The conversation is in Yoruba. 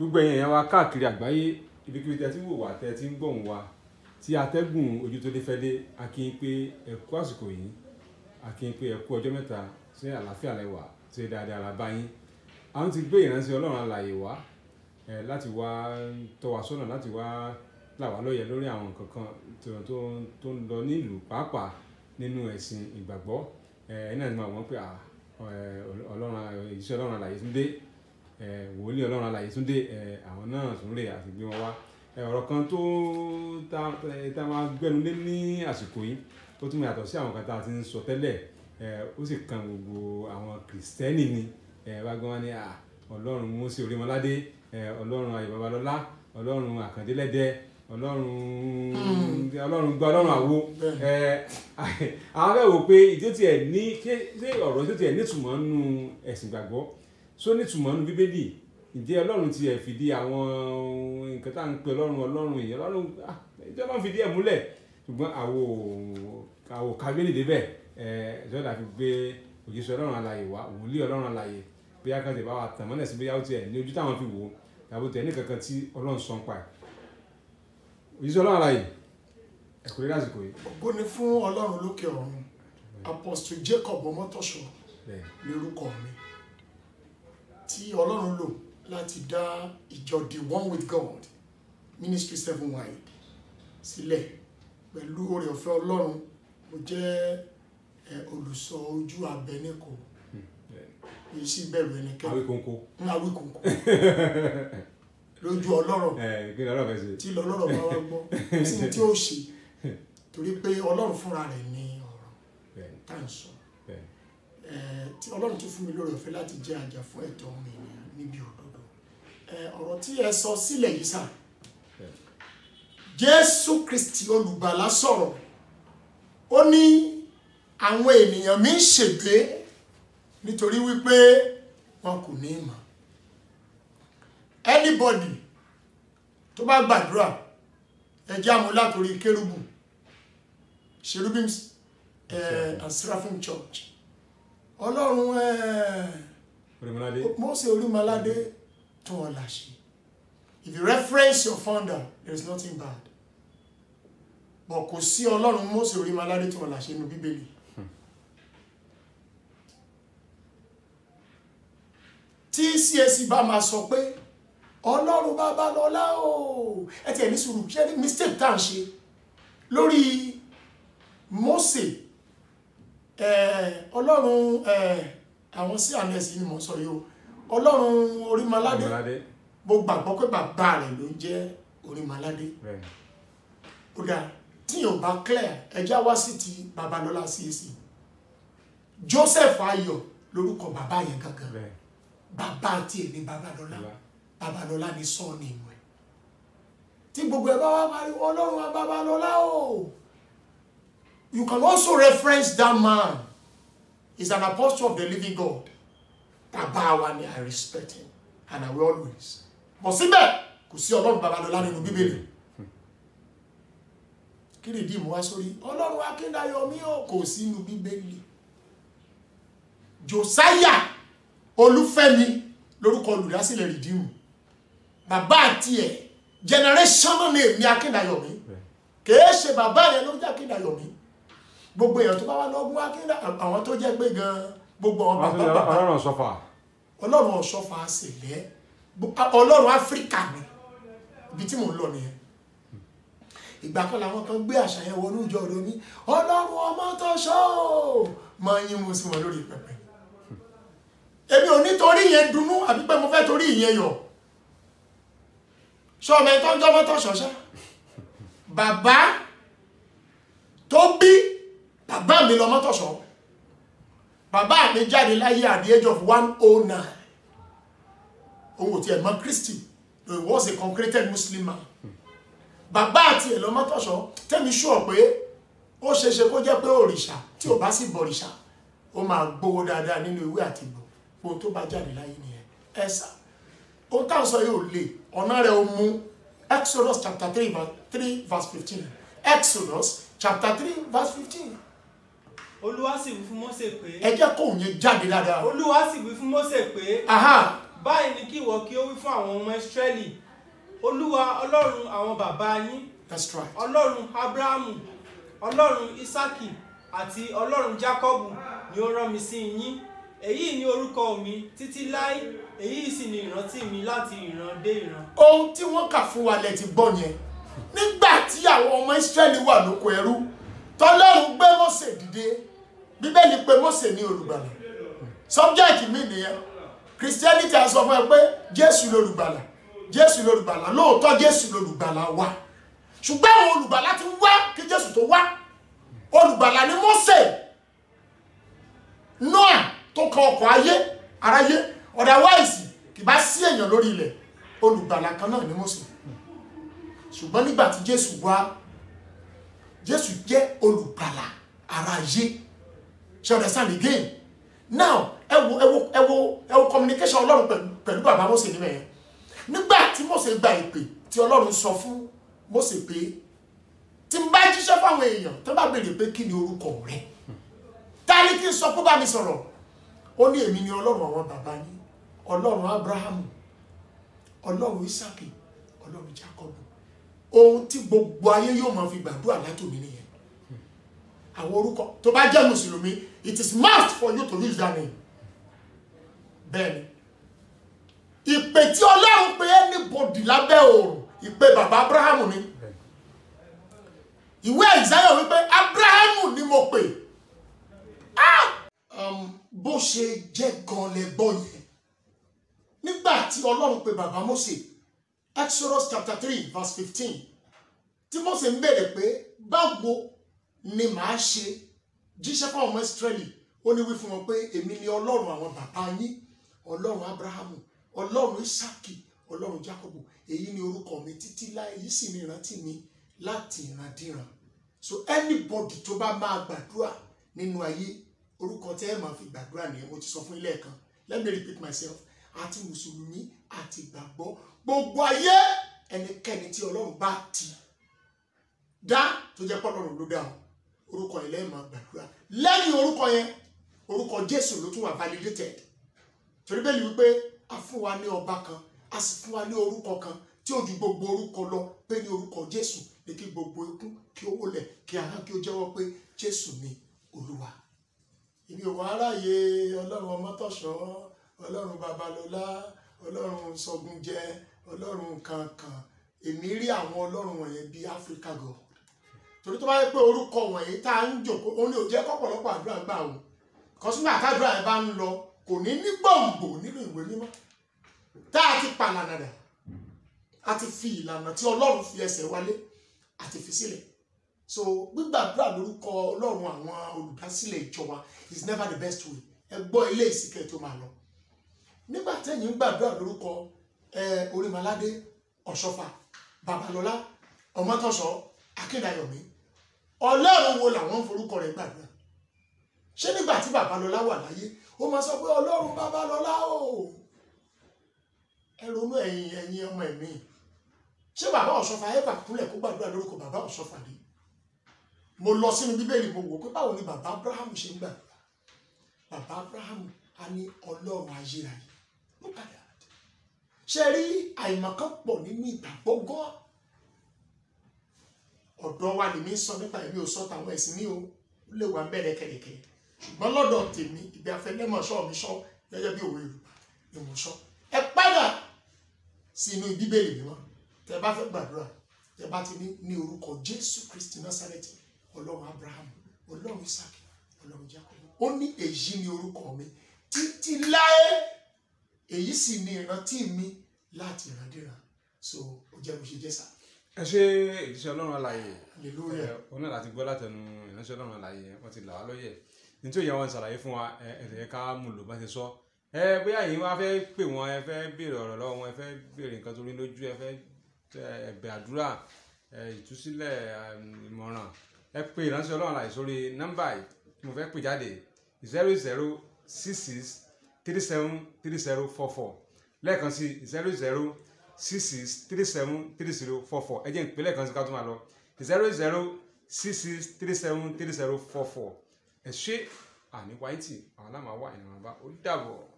gbogbo ẹ̀yin èèyàn wa káàkiri àgbáyé ibikíbi tẹ́ ti ń wò wá tẹ́ ti ń gbọ̀hùn wa tí atẹ́gùn ojú tó dé fẹ́dé a kí yín pé ẹ kú àsìkò yìí a kí yín pé ẹ kú ọjọ́ mẹ́ta ṣé àlàáfíà lẹ wà ṣé dáadáa la bá yín a ń ti gbé ìránṣẹ́ Ọlọ́run alààyè wá láti wá tọ́ wa sọ́nà láti wá là wá lóye lórí àwọn nǹkan kan tó ń lọ nílùú pàápàá nínú ẹ̀sìn ìgbàgbọ́ ẹ̀ náà ni mo mọ̀ pé Ọlọ́run ìṣẹ́ Ọlọ́run alààyè ti dé wòlíì ọlọ́run alàyè Túndé àwọn náà tún rè àti gbé wọn wá ọ̀rọ̀ kan tó tá máa gbẹnu lé ní àsìkò yìí ó tún yàtọ̀ sí àwọn kan tá a ti ń sọ tẹ́lẹ̀ ó sì kan gbogbo àwọn kìrìsìtẹ́nì ni bá gbọ́n wá ní ọlọ́run Mósè Orémọládé ọlọ́run Ayọ̀ Babalọ́lá ọlọ́run Àkàndé Lẹ́dẹ ọlọ́run ọlọ́run gba ọlọ́run àwo àwọn fẹ́ wò pé ìdí ó tiẹ̀ ní ṣé ọ̀rọ̀ ìdí ó tiẹ̀ nítumọ̀ nínú ẹ̀sìn gbàgbọ́ só nítumọ̀ nu bíbélì ìdí ọlọ́run ti ẹ̀ fìdí àwọn nǹkan tá à ń pè ọlọ́run ọlọ́run yìí ọlọ́run ah, ìjọba ń fìdí ẹ̀ múlẹ̀ ṣùgbọ́n àwo àwo kábílì débẹ̀ ẹ̀ ìjọba fi gbé òjíṣẹ́ ọlọ́run alààyè wá wòlíì ọlọ́run alààyè bí akáǹtì bá wà tàn mọ́lẹ̀ sí bóyá ó tiẹ̀ ní ojú táwọn fi wò ó tàbí tẹ̀ ní kankan tí ọlọ́run sọ ń pa ẹ̀ òjíṣẹ́ ọlọ́run alààyè ẹ̀kọ́ rírà àsìkò yìí. ògo Jacob ọmọtọ́ṣọ lórúkọ tí ọlọ́run lò láti dá ìjọ the one with God ministry seven wide sílẹ̀ pẹ̀lú oore ọ̀fẹ́ ọlọ́run mo jẹ́ olùsọ ojú abẹ nìkan hmm. èyí sì bẹ̀rù ẹnikẹ́ni awíkóńkó hmm, awíkóńkó lójú ọlọ́rọ̀ tí lọ́lọ́rọ̀ bá wá gbọ́ sí tí ó ṣe torí pé ọlọ́run fúnra rẹ̀ ní ọ̀rọ̀ tá à ń sọ tí ọlọ́run tún fún mi lórí ọ̀fẹ́ láti jẹ́ àjàfún ẹ̀tọ́ mi níbi òdodo ọ̀rọ̀ tí ẹ sọ sílẹ̀ yìí sà jésù kristi olùgbàlà sọ̀rọ̀ ó ní àwọn ènìyàn mi ń ṣègbé nítorí wípé wọn kò ní ìmọ̀ anybody tó bá gbàdúrà ẹ jẹ́ àmú látòrí kérúbù and seraphim church ọlọ́run Mose Orímọládé tún ọ̀la ṣe if you reference your founder there is nothing bad but kò sí ọlọ́run Mose Orímọládé tún ọ̀la ṣe nínú bíbélì. tí CAC bá máa sọ pé ọlọ́run bàbá lọ́lá o ẹ tiẹ̀ ní sùúrù ṣé mistake tá à ń ṣe lórí Mose Eh, ọlọ́run eh, àwọn sí àmẹ́sì ni mò ń sọ yìí o ọlọ́run orímọládé mo gbàgbọ́ pé bàbá rẹ̀ ló ń jẹ́ orímọládé ó dáa tíyàn bá clear ẹjá wá sí ti babalọ́lá CAC Joseph Ayọ̀ lórúkọ bàbá yẹn gangan bàbá tiẹ̀ ní babalọ́lá babalọ́lá ni sọ́ọ̀nì ìwẹ̀ tí gbogbo ẹ̀ bá wá pariwo ọlọ́run babalọ́lá o. You can also reference that man. He's an apostle of the living God. That wa ni I respect him and I will always. Bọ̀ síbẹ̀ kò sí ọlọ́run Babalọ́lá nínú Bíbélì. Kí ni ìdí ìmú wá sórí? Ọlọ́run Akíndayọ̀mí ò kò sínú Bíbélì. Josiah Olufemi, Lord Olúfẹ́mi lórúkọ olùdásílẹ̀ the redeem. àti ẹ̀ generation náà ni èmi Akíndayọ̀mí. Kèé ṣe bàbá Baba ló ń jẹ́ Akíndayọ̀mí gbogbo èèyàn tó bá wà lọ́gùn akínlá àwọn tó jẹ́ pé gan gbogbo àwọn bàbá ọlọ́run ọ̀ṣọ́fà ọlọ́run ọ̀ṣọ́fà àṣẹlẹ̀ ọlọ́run áfíríkà ni ibi tí mò ń lọ nìyẹn ìgbà kan làwọn kan gbé àṣà yẹn wọnú ìjọ rẹ ní ọlọ́run ọmọ tó ṣọ́ ò máa yín mu sí wọn lórí pẹpẹ èmi ò ní torí yẹn dunú àbí pé mo fẹ́ torí ìyẹn yọ sọ tó ń jọ́ mọ́tò ṣọ̀ṣọ́ bàbá mi lọ mọ́tọ̀ṣọ́ bàbá mi jáde láyé at the age of one oh nine òun ò tiẹ̀ mọ he was a concreted Muslim man bàbá àti ẹ̀ lọ mọ́tọ̀ṣọ́ tẹ́mi ṣùọ́ pé ó ṣeéṣe kó jẹ́ pé òrìṣà tí ò bá sì bọ̀rìṣà ó máa gbowó dáadáa nínú ìwé àti ìbò ohun tó bá jáde láyé nìyẹn ẹ sà ohun táwọn sọ yóò lè ọ̀nà rẹ̀ ó mú Exodus chapter three verse fifteen Exodus chapter three verse fifteen olúwa sì wí fún Mósè pé. ẹ jẹ́ kóun yẹn jáde dáadáa. olúwa sì wí fún Mósè pé. báyìí ni kí ìwọ kí ó wí fún àwọn ọmọ ìsírẹ́lì olúwa ọlọ́run àwọn bàbá yín. that's right. ọlọ́run abrahamu ọlọ́run isaki àti ọlọ́run jacobu ni ó rán mi sí yín èyí ni orúkọ mi títí láí èyí sì ni ìrántí mi láti ìran dé ìran. ohun tí wọ́n kà fún wa lẹ ti gbọ́ yẹn nígbà tí àwọn ọmọ ìsírẹ́lì wà lóko ẹrú tọ́lọ́run gbé Mósè dìde bíbélì pé Mósè ní olùgbàlà subject mi nìyẹn christianity a sọ fún ẹ pé jésù lolùgbàlà jésù lolùgbàlà lóòótọ́ jésù lolùgbàlà wa ṣùgbọ́n àwọn olùgbàlà ti wá kí jésù tó wá olùgbàlà ni Mósè Nóà tó kan ọkọ̀ ayé aráyé otherwise kì bá sí èèyàn lórí ilẹ̀ olùgbàlà kan náà ni Mósè ṣùgbọ́n nígbà tí jésù wá jésù jẹ́ olùgbàlà aráyé ṣe understand again now ẹ wo ẹ wo ẹ wo ẹ wo communication ọlọ́run pẹ̀lú pẹ̀lú bàbá Mósè níbẹ̀ yẹn nígbà tí Mósè gba ìpè tí ọlọ́run sọ fún Mósè pé tí n bá jíṣẹ́ fáwọn èèyàn tó bá béèrè pé kí ni orúkọ rẹ ta kí n sọ pé bá mi sọ̀rọ̀ ó ní èmi ni ọlọ́run àwọn bàbá yín ọlọ́run Abrahamu ọlọ́run Isaki ọlọ́run Jacob ohun tí gbogbo ayé yóò máa fi gbàdúrà látòmí nìyẹn àwọn orúkọ tó bá jẹ́ mùsùlùmí it is must for you to use that name bẹ́ẹ̀ni ìpè tí ọlọ́run pe anybody lábẹ́ òòrùn ìpè bàbá Abraham. ni ìwé ìsáyọ̀ wípé abrahamu ni mo pè ah! um, bó ṣe jẹ́ gan lè gbọ́ yẹn nígbà tí ọlọ́run pe bàbá mose exodus chapter three verse fifteen tí mose ń bèrè pé báwo ni màá ṣe jíṣẹ́ fáwọn ọmọ Ísírẹ́lì ó ní wí fún wọn pé èmi ni ọlọ́run àwọn bàbá yín ọlọ́run Abrahamu ọlọ́run Ísákì ọlọ́run Jákọ́bù èyí ni orúkọ mi títí láì yìí sì ni ìrántí mi láti ìrandíran so anybody tó bá máa gbàdúrà nínú ayé orúkọ tẹ́ ẹ̀ máa fi gbàdúrà nìyẹn mo ti sọ fún ilé ẹ̀kan let me repeat myself àti mùsùlùmí àti ìgbàgbọ́ gbogbo ayé ẹnikẹ́ni tí ọlọ́run bá ti dá tó jẹ́ pọ́ ọlọ́run ló dá o orúkọ yẹn lẹ́yìn máa gbàdúrà lẹ́yìn orúkọ yẹn orúkọ Jésù ló tún wà validated torí bẹ́ẹ̀ ni wípé a fún wa ní ọba kan a sì fún wa ní orúkọ kan tí ó ju gbogbo orúkọ lọ pé ní orúkọ Jésù ní kí gbogbo ikún kí ó wólẹ̀ kí ara kí ó jẹ́wọ́ pé Jésù ni Olúwa èmi ò wá ráàyè Ọlọ́run Ọmọtọ̀ṣọ́ Ọlọ́run Babalọ́lá Ọlọ́run Sọ̀gúnjẹ Ọlọ́run kankan èmi rí àwọn Ọlọ́run wọ̀nyẹn bíi Africa God torí tó bá yẹ pé orúkọ wọ̀nyí tá a ń jòkó òun ni ò jẹ́ kọ́pọ̀lọpọ̀ àdúrà gbà wò kọ́sùnà àkádùn àyè bá ń lọ kò ní ní gbòǹgbò nínú ìwé mímọ́ tá a ti pàlànà rẹ̀ a ti fi ìlànà tí ọlọ́run fi ẹsẹ̀ wálé a ti fi sílẹ̀ so gbígbàdúrà lórúkọ ọlọ́run àwọn olùdásílẹ̀ ìjọ wa is never the best way ẹ gbọ́ ilé ìsìnkẹ́ tó máa lọ nígbà tẹ́yìn ń gbàdúrà lórúkọ ẹ orímọládé ọ̀ṣọ́fà babalọ́lá ọmọtọ́ṣọ́ akíndayọ̀mí ọlọ́run wo làwọn ń forúkọ rẹ̀ gbàgbà ṣé nígbà tí Babalọlá wà láyé ó máa sọ pé ọlọ́run Babalọlá o ẹ ronú ẹ̀yin ẹ̀yin ọmọ ẹ̀mí ṣé bàbá ọ̀ṣọ́fà ẹ̀bà kúnlẹ̀ kó gbàdúrà lórúkọ bàbá ọ̀ṣọ́fà ni mo lọ sínú bíbélì mo wò pé báwo ni bàbá Abraham ṣe ń gbàdúrà bàbá Abraham a ní ọlọ́run ayérayé ló padà ṣe rí àìmọ̀kan pọ̀ nínú ìgbàgbọ́ gan-an ọ̀dọ̀ wa ni mi sọ nípa èmi ò sọ tàwọn ẹ̀sìn ní o ó lè wà mẹ́rẹ̀ kẹ̀kẹ́ ṣùgbọ́n lọ́dọ̀ tèmi ìgbé afẹ́lẹ́mọ̀ṣọ́ mi sọ gẹ́gẹ́ bí òwe ìmọ̀ sọ ẹ padà sí inú bíbélì mímọ́ tẹ bá fẹ́ gbàdúrà tẹ bá ti ní ní orúkọ Jésù Kristi Násárẹ́tì ọlọ́run Abraham ọlọ́run Isaac ọlọ́run Jacob ó ní èyí ni orúkọ mi títí láé èyí sì ni ìrántí mi láti ìrandíran so ó jẹ́ bó ṣe jẹ́ sáà ẹ ṣe ìdíṣẹ́ àlàyé òun náà láti gbọ́ látẹnu ìránṣẹ́ ọlọ́run àlàyé wọ́n ti là wá lóye ní tí ó yẹ wọn ṣàlàyé fún wa ẹ̀ẹ́dẹ̀ ká mú bá ṣe sọ ẹ bóyá yìí wá fẹ́ pè wọ́n ẹ fẹ́ béèrè ọ̀rọ̀ lọ́wọ́ wọn ẹ fẹ́ béèrè nǹkan tó rí lójú ẹ fẹ́ ẹ̀bẹ̀ àdúrà ìtúsílẹ̀ ìmọ̀ràn ẹ pè ìránṣẹ́ ọlọ́run àlàyé sórí nọ́mbà yìí mo fẹ́ pè jáde zero zero six six three seven three zero four four lẹ́ẹ̀kan sí zero zero six six three seven three zero four four ẹ jẹ́ ìpínlẹ̀ kan sí ká tó máa lọ zero zero six six three seven three zero four four ẹ ṣé àní wáyé tì àwọn aláma wà ìrànlọ́ba ó dàbọ̀.